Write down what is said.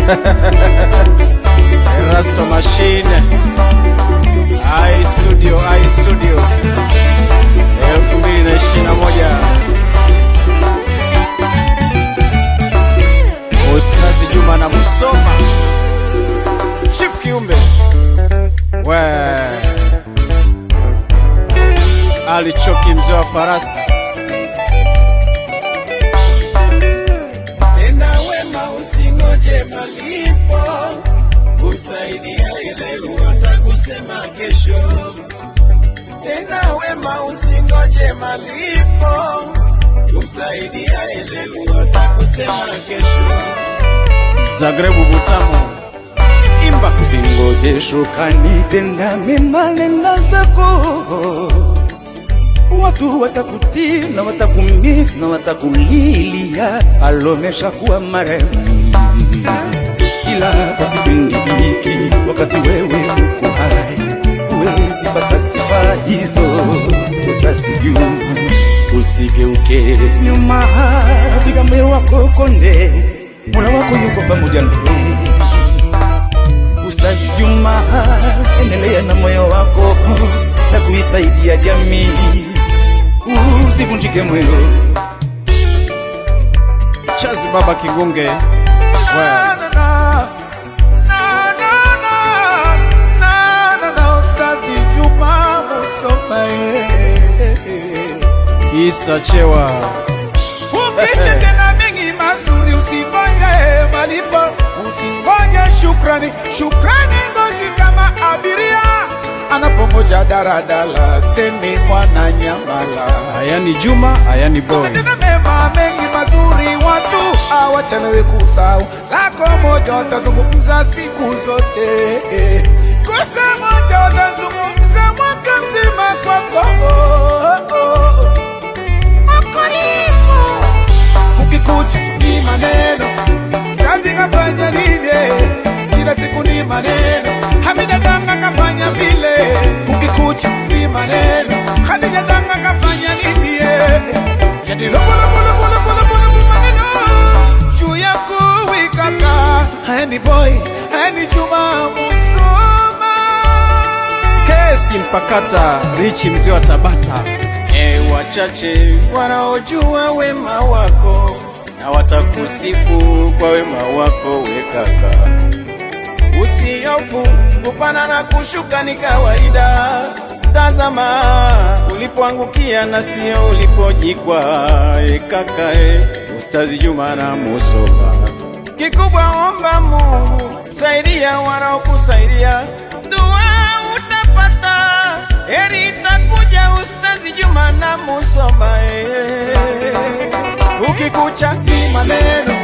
Erasto Machine I Studio I Studio 2021 Ustazi Juma na Musoma Chief Kiumbe we Ali Choki mzee wa farasi tena wema usingoje malipo, kumsaidia ile kusema kesho. Zagrebu Butamu, imba usingoje shukrani, tenda mema, nenda zako, watu watakutii na watakumiss na watakulilia, alomesha kuwa marehemu, ila kwa kipindi hiki wakati wewe uko hizo utazijua. Usigeuke nyuma, piga moyo wako konde, Mola wako yuko pamoja na wewe. Ustazi Juma, endelea na moyo wako na kuisaidia jamii, usivunjike moyo. Chazi Baba Kingunge, wow. Isa Chewa kumkishe tena mengi mazuri, usingoje malipo, usingoje shukrani. Shukrani ngozi kama abiria anapongoja daradala stendi, mwana nyamala. Ayani Juma, Ayani Boy, mema mengi mazuri, watu awachanawe kusau lako moja, watazungumza siku zote kosa moja, watazungumza mwaka mzima kwa Any boy, any Juma Musoma. Kesi mpakata Richi mzee wa Tabata. E, wachache wanaojua wema wako na watakusifu kwa wema wako we kaka. Usihofu kupana na kushuka ni kawaida. Tazama ulipoangukia na sio ulipojikwa. E kaka e, Ustazi Juma na Musoma Kikubwa omba Mungu, saidia wanaokusaidia, dua utapata, heri itakuja. Ustazi Juma na musoma, eh. ukikucha ki